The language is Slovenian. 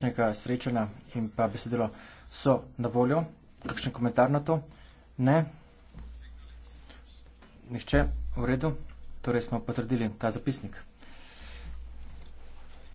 današnjega srečanja in pa besedilo so na voljo. Kakšen komentar na to? Ne. Nihče. V redu. Torej smo potrdili ta zapisnik.